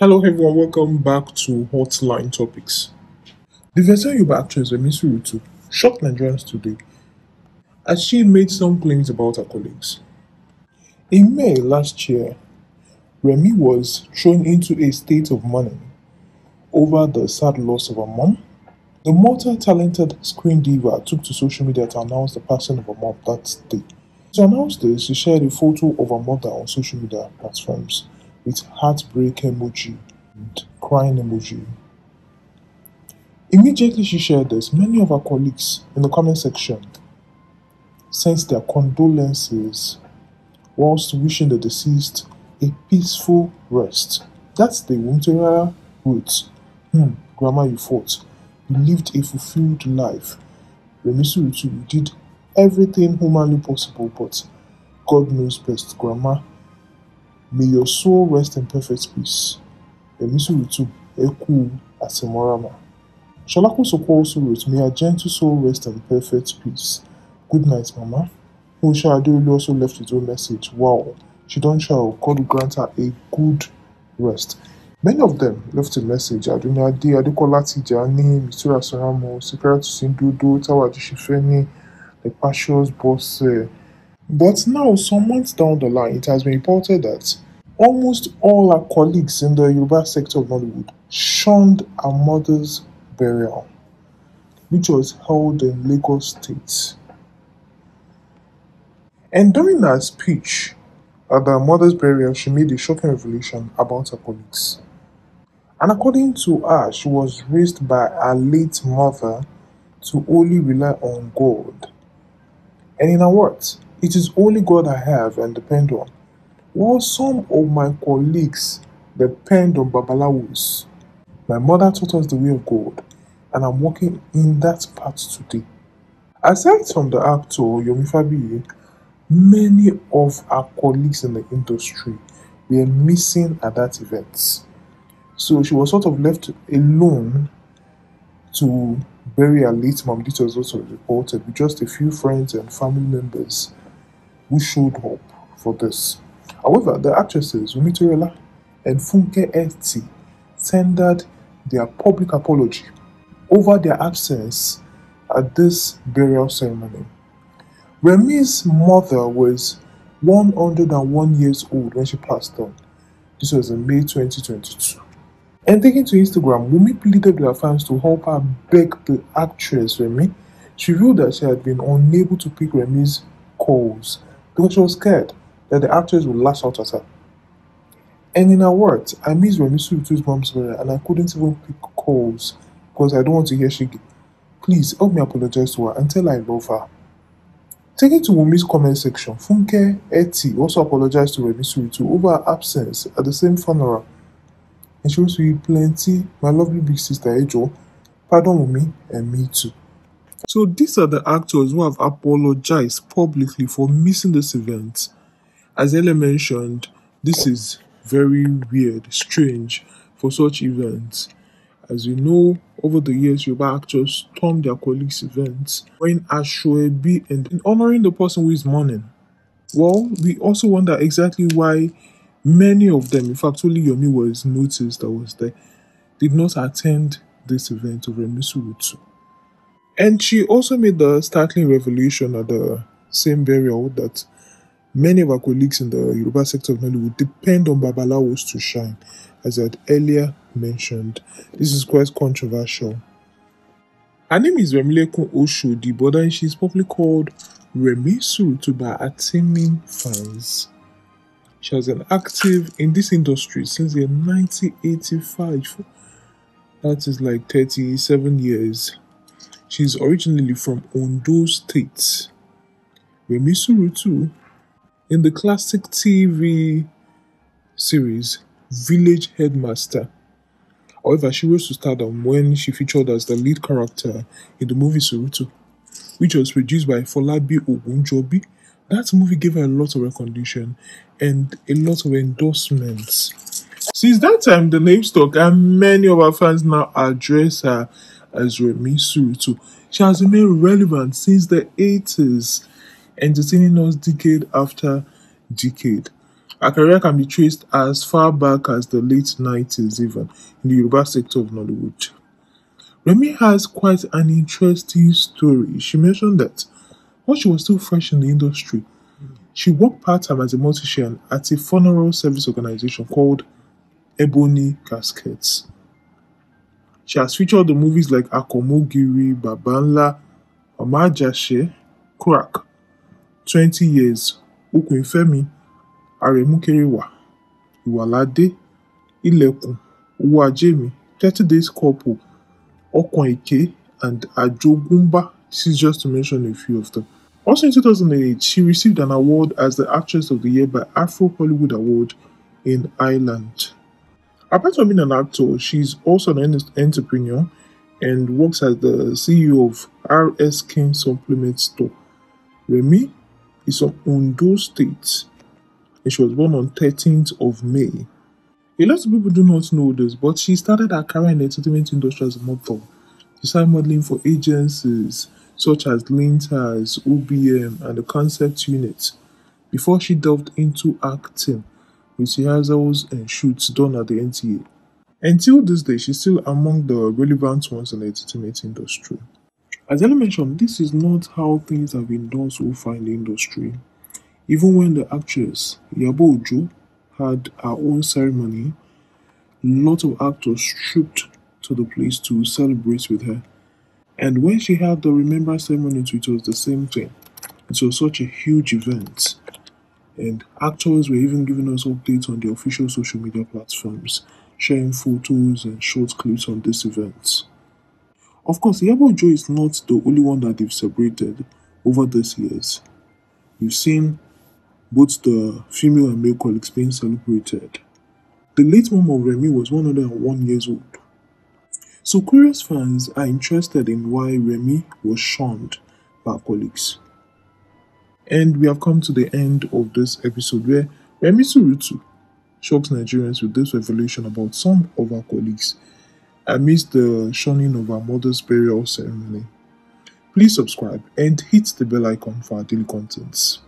Hello everyone, welcome back to Hotline Topics. The veteran Yoruba actress Remisu Rutu shocked Nigerians today as she made some claims about her colleagues. In May last year, Remi was thrown into a state of mourning over the sad loss of her mom. The multi-talented screen diva took to social media to announce the passing of her mom that day. To announce this, she shared a photo of her mother on social media platforms with heartbreak emoji and crying emoji. Immediately she shared this, many of her colleagues in the comment section sent their condolences whilst wishing the deceased a peaceful rest. That's the wintera route. Hmm, grandma, you fought. You lived a fulfilled life. Remisu, you did everything humanly possible, but God knows best, grandma. May your soul rest in perfect peace. Emisurutu Eku Asimorama. Shalako Soko also wrote, May our gentle soul rest in perfect peace. Good night, Mama. Musha Adeolu also left his own message. Wow, she don't show. God will grant her a good rest. Many of them left a message. Adunia Ade, Adekola Tijani, Misura Soramo, Secret Sindudo, Tawa Adishifeni, the Passions Boss. Uh, but now, some months down the line, it has been reported that almost all her colleagues in the Yoruba sector of Nollywood shunned her mother's burial, which was held in Lagos State. And during her speech at her mother's burial, she made a shocking revelation about her colleagues. And according to her, she was raised by her late mother to only rely on God. And in her words, it is only God I have and depend on. While some of my colleagues depend on Babalawos, my mother taught us the way of God, and I'm walking in that path today. Aside from the actor Yomi many of our colleagues in the industry were missing at that event. So she was sort of left alone to bury her late mom. This was also reported with just a few friends and family members we showed up for this. However, the actresses Umitorela and Funke Eti tendered their public apology over their absence at this burial ceremony. Remi's mother was 101 years old when she passed on. This was in May 2022. And taking to Instagram, Wumi pleaded with her fans to help her beg the actress Remy. She revealed that she had been unable to pick Remy's calls because she was scared that the actress would lash out at her. And in her words, I missed Remisu Utu's mom's mirror and I couldn't even pick calls because I don't want to hear she. Please help me apologize to her and tell her I love her. Taking to Wumi's comment section, Funke Eti also apologized to Remisu Utu over her absence at the same funeral. And she was with plenty, my lovely big sister Ejo, pardon Wumi, and me too. So these are the actors who have apologized publicly for missing this event. As Ella mentioned, this is very weird, strange for such events. As you know, over the years, Yoruba actors stormed their colleagues' events when Ashoebi and in honoring the person who is mourning. Well, we also wonder exactly why many of them, in fact, only Yomi was noticed that was there, did not attend this event over Misuwutu. And she also made the startling revelation at the same burial that many of our colleagues in the Yoruba sector of Nollywood depend on Babalawos to shine, as I had earlier mentioned. This is quite controversial. Her name is Remilekun Oshodiboda and she's popularly called Remisu to by Atimin fans. She has been active in this industry since the 1985. That is like 37 years. She's originally from Ondo State. Remisuru too, in the classic TV series Village Headmaster. However, she rose to stardom when she featured as the lead character in the movie Surutu, which was produced by Folabi Ogunjobi. That movie gave her a lot of recognition and a lot of endorsements. Since that time, the name stuck, and many of our fans now address her as Remy Surutu. She has remained relevant since the 80s, entertaining us decade after decade. Her career can be traced as far back as the late 90s, even in the Yoruba sector of Nollywood. Remy has quite an interesting story. She mentioned that while she was still fresh in the industry, she worked part time as a musician at a funeral service organization called Ebony Caskets. She has featured in movies like Akomogiri, Babanla, Omajashe, Crack, 20 Years, Okunfemi, *Aremukeriwa*, Iwalade, Ilekun, Uwajemi, 30 Days Couple, Okwanike, and Ajogumba. This is just to mention a few of them. Also in 2008, she received an award as the Actress of the Year by Afro Hollywood Award in Ireland. Apart from being an actor, she's also an entrepreneur and works as the CEO of RS King Supplement Store. Remy is from Ondo State and she was born on 13th of May. A lot of people do not know this, but she started her career in the entertainment industry as a model. She started modeling for agencies such as Linters, OBM, and the Concept Unit before she delved into acting rehearsals and uh, shoots done at the NTA. Until this day, she's still among the relevant ones in the entertainment industry. As I mentioned, this is not how things have been done so far in the industry. Even when the actress Yabo Ojo had her own ceremony, lot of actors trooped to the place to celebrate with her. And when she had the remembrance ceremony, it was the same thing. It was such a huge event and actors were even giving us updates on the official social media platforms, sharing photos and short clips on this event. Of course, Yabo Joe is not the only one that they've celebrated over these years. You've seen both the female and male colleagues being celebrated. The late mom of Remy was 101 years old. So, curious fans are interested in why Remy was shunned by colleagues. And we have come to the end of this episode where Remisu Rutu shocks Nigerians with this revelation about some of our colleagues amidst the shunning of our mother's burial ceremony. Please subscribe and hit the bell icon for our daily contents.